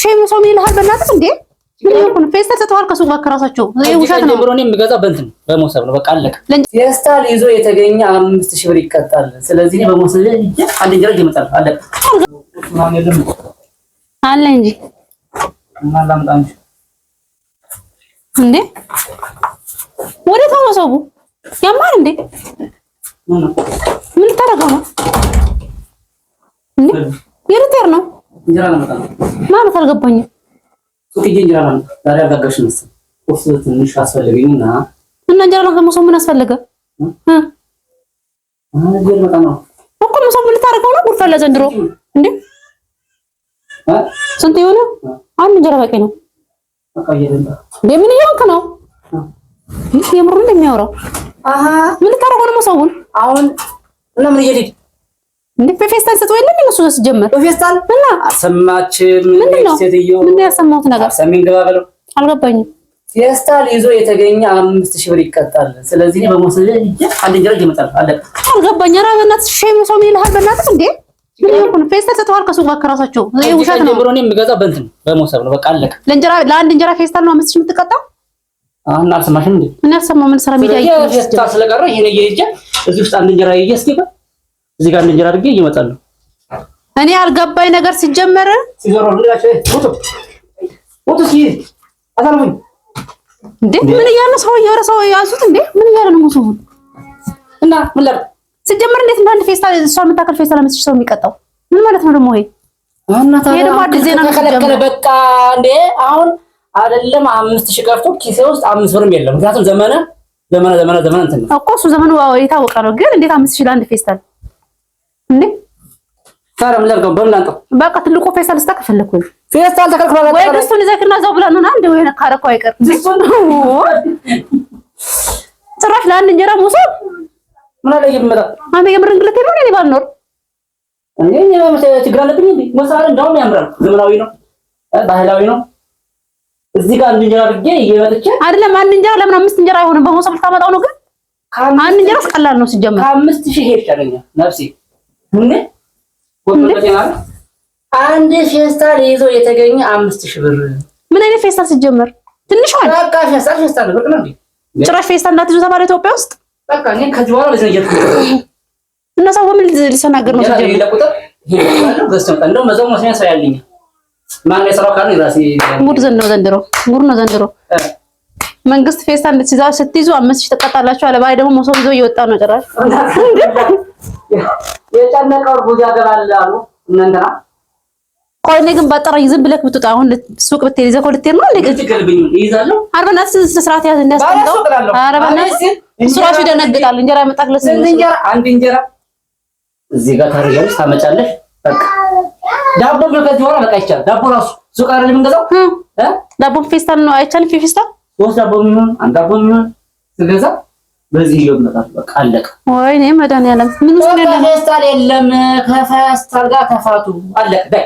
ሼም ሰው ምን ይልሃል? በእናትህ እንዴ ምን ይልኩን? ፌስታ ከሱ ጋር ከራሳቸው ውሸት ነው ብሎ በእንትን በመውሰብ ነው በቃ አለቀ። ይዞ የተገኘ አምስት ሺህ ብር ይቀጣል። ስለዚህ በመውሰብ አንድ ይመጣል። አለቀ አለ እንጂ እንዴ ወደ ተመሰቡ ያማል እንዴ ምን ነው ነው እንጀራ ለመጣ ነው ማለት አልገባኝም። ሱቅ ሂጅ እንጀራ ለመጣ ዛሬ አጋጋሽ ነው ቁርስ ትንሽ አስፈልገኝና እና እንጀራ ለመጣ ሰው ምን አስፈለገ? እንጀራ ለመጣ ነው እኮ ሰው ልታደርገው ነው? ጉድ ፈላ ዘንድሮ እንዴ! ስንት የሆነ አንድ እንጀራ በቂ ነው። የምን እያወቅ ነው? የምሩን እንደሚያወራው ምን ልታደርገው ነው? ሰውን አሁን እና ምን እየሄድ እንዴ በፌስታል ሰጥቶ የለም እነሱ ሲጀመር በፌስታል እና ነው ሴትዮ ምን ያሰማሁት ነገር ሰሚን ግባ ብለው አልገባኝም። ፌስታል ይዞ የተገኘ አምስት ሺህ ብር ይቀጣል። ስለዚህ በመውሰድ አንድ እንጀራ ይመጣል አለ አልገባኝ። ኧረ በእናትህ ሼም ሰው ምን ይልሃል? በእናትህ እንዴ ምን ፌስታል ሰጥተዋል። ከሱ ጋር ከራሳቸው ይሄ ውሸት ነው። ብሮኔ የምገዛ በእንትን በመውሰድ ነው። በቃ አለቀ። ለእንጀራ ለአንድ እንጀራ ፌስታል ነው አምስት ሺህ የምትቀጣው። አሁን አልሰማሽም እንዴ? ምን ያሰማው? ምን ስራ ሚዲያ ይሄ ፌስታል ስለቀረ ይሄን ይሄ እዚህ ውስጥ አንድ እንጀራ ይየስኪባ እዚህ ጋር እንጀራ አድርጌ እየመጣለሁ። እኔ አልገባኝ ነገር ሲጀመረ እንዴት ምን እያለ ነው ሰውዬው? ኧረ ሰው ያዙት እንዴ! ምን እያለ ነው ሙሱ? እና ምን ላድርግ ሲጀመር እንዴት እንደ አንድ ፌስታ እሷ የምታከል ፌስታ መስጭ ሰው የሚቀጣው? ምን ማለት ነው ደግሞ ይሄ? ይሄ ደግሞ አዲስ ዜና ከለከለ በቃ እንዴ! አሁን አይደለም አምስት ሺህ ቀርቶ ኪሴ ውስጥ አምስት ብርም የለም። ምክንያቱም ዘመነ ዘመነ ዘመነ ዘመነ እንትን ነው እኮ እሱ ዘመኑ የታወቀ ነው። ግን እንዴት አምስት ሺህ ለአንድ ፌስታል በቃ ትልቁ ፌስታል ስታ ከፈለኩ ፌስታል ተከልክሏል። ወይ ድስቱን ዘክርና ዘው ብለን ነው አንድ ወይ ካረከው አይቀር ድስቱን ጭራሽ ለአንድ እንጀራ ሙሶ ምን አለ ይመጣ አንዴ የምር እንግልት ነው እኔ ባልኖር እንጀራ አይደለም አንድ እንጀራ ለምን አምስት እንጀራ አይሆንም? በመሶብ ልታመጣው ነው ግን አንድ እንጀራ ቀላል ነው ሲጀመር ከአምስት ሺህ ይሄድ ይሻለኛል ነፍሴ አንድ ፌስታል ይዞ የተገኘ አምስት ሺህ ብር። ምን አይነት ፌስታል ሲጀመር ትንሽ በቃ ፌስታል ፌስታል ብር ነው። ጭራሽ ፌስታል እንዳትይዙ ተባለ ኢትዮጵያ ውስጥ በቃ እኔ ከዚህ በኋላ ለዚህ እና ሰው ምን ሊሰናገር ነው ሙድ ዘንድሮ ዘንድሮ ሙድ ነው ዘንድሮ መንግስት ፌስታ እንድትይዛ ስትይዙ አምስት ሺህ ተቀጣላችሁ አለ። ባይ ደግሞ መሶብ ይዞ እየወጣ ነው። ጭራሽ የጨነቀው ቡጃ ገባል አሉ እንንተና ቆይ እኔ ግን በጠራኝ ዝም ብለህ ብትወጣ አሁን ሱቅ ብትሄድ ይዘህ እኮ ልትሄድ ነው። እንዴት ይገልብኝ ይዛለሁ። ስርዓት ያዝ እሱ ይደነግጣል። እንጀራ ያመጣክለስ እንጀራ አንድ እንጀራ እዚህ ጋር ታደርጊያለሽ፣ ታመጫለሽ። በቃ ዳቦ ከዚህ በኋላ በቃ ይቻላል። ዳቦ ራሱ ሱቅ አይደለም የምንገዛው ዳቦ ፌስታል ነው አይቻልም ፌስታል ሶስት ዳቦ የሚሆን አንድ ዳቦ የሚሆን ስገዛ በዚህ ይዤው እመጣለሁ። በቃ አለቀ። ወይኔ መድኃኒዓለም ምን ውስጥ ነው ፌስታል የለም። ከፌስታል ጋር ተፋቱ አለቀ። በይ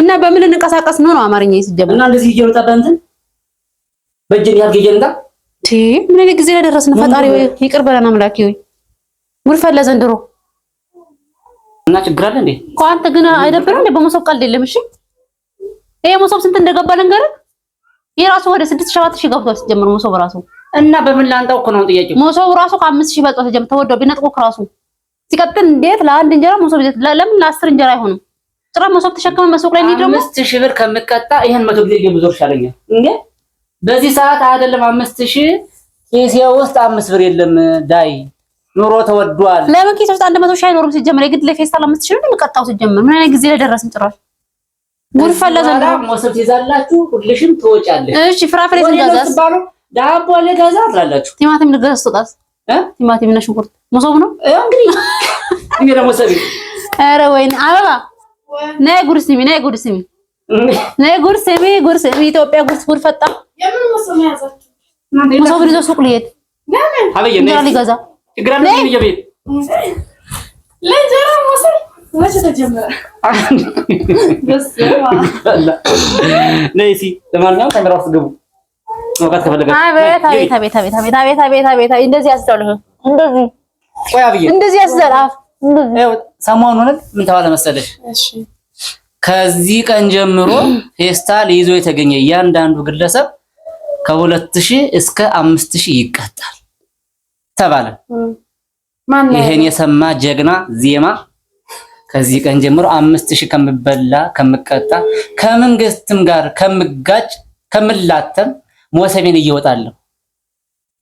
እና በምን ልንቀሳቀስ ነው ነው አማርኛ ሲጀምር እና እንደዚህ በእጅን ቲ ምን አይነት ጊዜ ላይ ደረስን? ፈጣሪ ወይ ይቅር በለን ወይ ጉድ ዘንድሮ። እና ችግር አለ እንዴ? አንተ ግን እንዴ? በመሶብ ቀልድ የለም። እሺ ይሄ መሶብ ስንት እንደገባ ልንገርህ የራሱ ራሱ ወደ 6 ሺህ ገብቷል። ሲጀምር መሶብ ራሱ እና በምን ላንጣው እኮ ነው ጥያቄው። መሶብ ራሱ ከአምስት ሺህ በልጧ ሲጀምር ተወደው ቢነጥቆ ራሱ ሲቀጥል እንዴት ለአንድ እንጀራ መሶብ ይዘት ለምን ለአስር እንጀራ አይሆንም? ጥራ መሶብ ተሸክመ መሶብ ላይ ነው ደግሞ 5000 ብር ከምቀጣ ይሄን መቶ ጊዜ ይብዞር ይሻለኛል እንዴ በዚህ ሰዓት አይደለም። 5000 ኢሲያ ውስጥ አምስት ብር የለም። ዳይ ኑሮ ተወዷል። ለምን ኪሴ ውስጥ አንድ መቶ ሺህ አይኖርም? ሲጀምር የግድ ለፌስታል አምስት ሺህ ነው የምቀጣው። ሲጀምር ምን አይነት ጊዜ ላይ ደረስን ጭራሽ ጉርፈላ ዘንዳ ሞሰብ ትይዛላችሁ፣ ሁልሽም ትወጫለሽ። እሺ ፍራፍሬ ስንገዛስ ዳቦ ልገዛ ትላላችሁ፣ ቲማቲም ልገዛ ስትወጣስ ቲማቲም እና ሽንኩርት መሶቡ ነው እንግዲህ። እኔ ደግሞ ሰቢ ወይኔ አበባ ነይ ጉድ ስሚ፣ ነይ ጉድ ስሚ፣ ነይ ጉድ ስሚ፣ ጉድ ስሚ። ኢትዮጵያ ጉድ ጉድ ፈጣ መሶብ ይዞ ሱቅ ልሄድ እንጀራ ሊገዛ ምን ተባለ መሰለሽ? ከዚህ ቀን ጀምሮ ፌስታል ይዞ የተገኘ እያንዳንዱ ግለሰብ ከሁለት ሺህ እስከ አምስት ሺህ ይቀጣል ተባለ። የሰማ ጀግና ዜማ ከዚህ ቀን ጀምሮ አምስት ሺህ ከምበላ ከምቀጣ ከመንግስትም ጋር ከምጋጭ ከምላተም ሞሰቤን እየወጣለሁ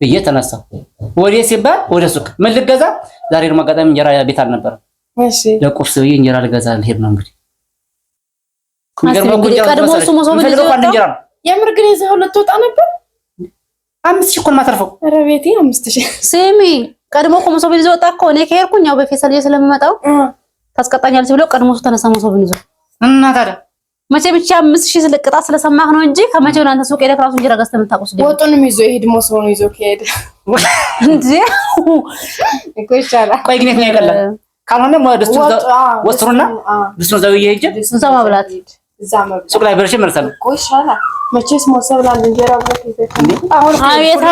ብዬ ተነሳሁ። ወደ ሲባል ወደ ሱቅ ምን ልገዛ? ዛሬ ደግሞ አጋጣሚ እንጀራ ቤት አልነበረም። እሺ ለቁርስ ብዬ እንጀራ ልገዛ ልሄድ ነው። እንግዲህ የምር ግን የዛ ሁለት ወጣ ነበር። አምስት ሺህ እኮ ነው የማተርፈው። ኧረ ቤቴ አምስት ሺህ ስሚ፣ ቀድሞ እኮ መሶብ ይዞ ወጣ እኮ እኔ ከሄድኩኝ ያው በፌሰል ስለምመጣው ታስቀጣኛለች ብለው ቀድሞ እሱ ተነሳ መሶብን ይዞ እና ታዲያ መቼ ብቻ አምስት ሺህ ስለቅጣት ስለሰማህ ነው እንጂ ከመቼ አንተ ሱቅ ሄደህ እራሱ እንጀራ ገዝተህ የምታውቀው ስደግ ወጡንም ይዞ ይሄድ ሞስ ሆኖ ይዞ ከሄደ እንጂ እኮ ይሻላል። ቆይ ግን የት ነው ያቀላል? ካልሆነ ደስቱ ወስሩና ድስቱን እዛው ይሄድ እዛው ማብላት ሱቅ ላይ በርሽ መርሰል እኮ ይሻላል። መቼስ ሞሰብ ላል እንጀራ ብለህ አሁን አቤት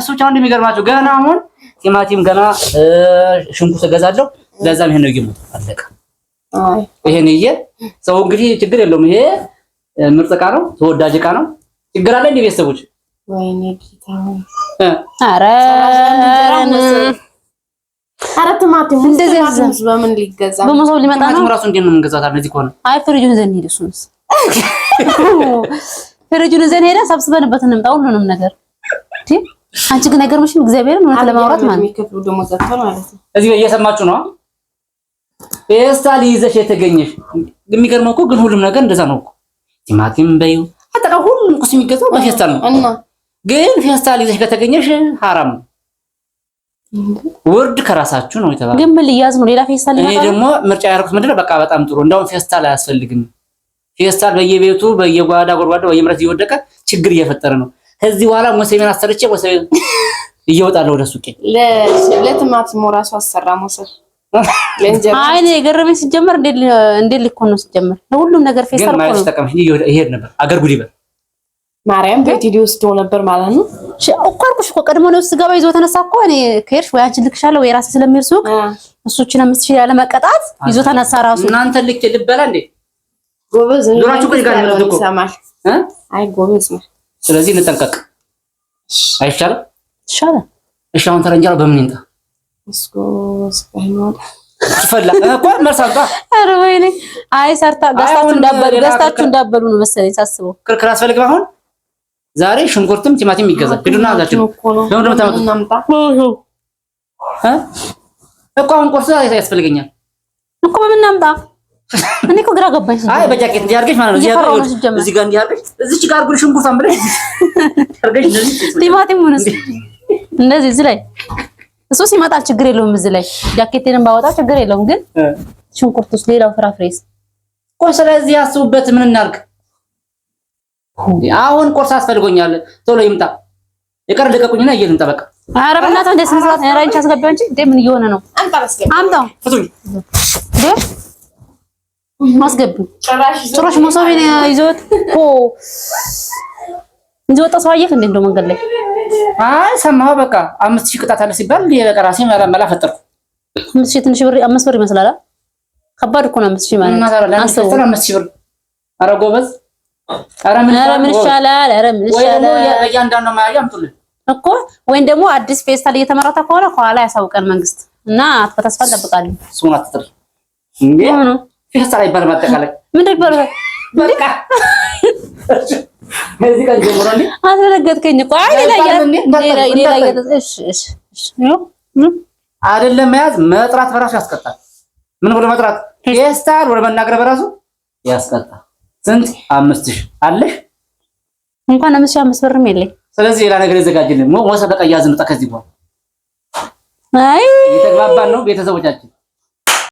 እሱ ብቻ እንደሚገርማቸው ገና አሁን ቲማቲም ገና ሽንኩርት እገዛለሁ ለዛም ይሄ ነው ይሞት አለቀ። ይሄን ይየ ሰው እንግዲህ ችግር የለውም። ይሄ ምርጥ ዕቃ ነው፣ ተወዳጅ ዕቃ ነው። ችግር አለ እንዴ ቤተሰቦች? ወይኔ ጌታ! ኧረ ኧረ ቲማቲም በምን ሊገዛ በመሶብ ሊመጣ ነው። ራሱ እንዴት ነው የምንገዛት? ፍሪጁን ዘን ሄደ፣ ሰብስበንበት እንምጣ ሁሉንም ነገር አንቺ ግን ነገር አይገርምሽም? እግዚአብሔርን እውነት ለማውራት ማለት ነው። እዚህ እየሰማችሁ ነው ፌስታል ይዘሽ የተገኘሽ የሚገርመው እኮ ግን ሁሉም ነገር እንደዛ ነው እኮ ቲማቲም በዩ አጠቃላይ ሁሉም ቁስ የሚገዛው በፌስታል ነው። ግን ፌስታል ይዘሽ ከተገኘሽ ሐራም ነው። ውርድ ከራሳችሁ ነው የተባለ ግን ምን ሊያዝ ነው ሌላ ፌስታል ይመጣል። እኔ ደግሞ ምርጫ ያደረኩት ምንድነው፣ በቃ በጣም ጥሩ እንደውም ፌስታል አያስፈልግም። ፌስታል በየቤቱ በየጓዳ ጎድጓዳ በየምረት እየወደቀ ችግር እየፈጠረ ነው። ከዚህ በኋላ ሞሰቤን አሰርቼ ሞሰቤን እየወጣለሁ ወደ ሱቄ ለቲማቲሙ ሞራሱ አሰራ ሞሰብ አይ የገረመኝ ሲጀመር እንዴት ልኮን ነው ሲጀመር ለሁሉም ነገር ፌስ አልኮ ነው ይሄድ ነበር አገር ጉድ ይበል ማርያም ቤት ሂድ ወስደው ነበር ማለት ነው እኮ አልኩሽ እኮ ቀድሞ ነው ስገባ ይዞ ተነሳ እኮ እኔ ከሄድሽ ወይ አንቺን ልክሻለሁ ወይ ራሴ ስለሚሄድ ሱቅ እሱችን አምስት ሺህ ያለ ይዞ ተነሳ ራሱ እናንተ ልክ ልበላ እንዴ ጎበዝ ይሰማል አይ ጎበዝ ነው ስለዚህ እንጠንቀቅ አይሻልም ይሻላል እሺ አሁን በምን ይንጣ አይ ሰርታ ገዝታችሁ እንዳበሉ ነው መሰለኝ ሳስበው። ክርክር አስፈልግም። አሁን ዛሬ ሽንኩርትም ቲማቲም ይገዛል። ግዱና እኮ አሁን ቁርስ ያስፈልገኛል እኮ በምን አምጣ? እኔ እኮ ግራ ገባኝ። አይ በጃኬት እንዲህ ማለት ነው። እዚህ ጋር እዚህ እዚች ጋር አድርገሽ ሽንኩርት አምብለሽ አድርገሽ እንደዚህ እንደዚህ እዚህ ላይ እሱ ሲመጣል ችግር የለውም። እዚህ ላይ ጃኬቴንም ባወጣ ችግር የለውም። ግን ሽንኩርት ውስጥ ሌላው ፍራፍሬስ? ቆይ ስለዚህ ያስቡበት። ምን እናርግ? አሁን? ቁርስ አስፈልጎኛል። ቶሎ ይምጣ። የቀረ ልቀቁኝና እየልን እንጠበቅ። ኧረ በእናትህ እንደ ስንት ሰዓት ኧረ እንቺ እንጂ እንደ ምን እየሆነ ነው? አምጣው አስገቢው። ጭራሽ መሶቤን ይዞት እኮ ይዞት ወጣ ሰውዬ እንደ እንደው መንገድ ላይ አይ ሰማሁ። በቃ አምስት ሺህ ቅጣት አለ ሲባል በቃ ራሴ መላ ፈጠርኩ። አምስት ሺህ ትንሽ ብር አምስት ብር ይመስላል። ከባድ እኮ ነው አምስት ሺህ ማለት አምስት ሺህ ብር። ኧረ ጎበዝ! ኧረ ምን ይሻላል? ኧረ ምን ይሻላል? እያንዳንዱ ማያ አምጡልን እኮ ወይም ደግሞ አዲስ ፌስታል እየተመረተ ከሆነ ከኋላ ያሳውቀን መንግስት እና በተስፋ እንጠብቃለን። እሱን አትጥሪ እንዴ! ፌስታል አይባልም። አጠቃላይ ምንድን ይባላል? በቃ አስረገጥከኝ እኮ አይደለም። መያዝ መጥራት በራሱ ያስቀጣል። ምን ብሎ መጥራት ስታል ወደ መናገር በራሱ ያስቀጣል። ስንት አምስት ሺህ አለሽ? እንኳን አምስት ሺህ አምስት ብርም የለኝ። ስለዚህ ሌላ ነገር ይዘጋጅልን። ሞሳ በቃ እያዝን ውጣ ከዚህ በኋላ። አይ የተግባባን ነው ቤተሰቦቻችን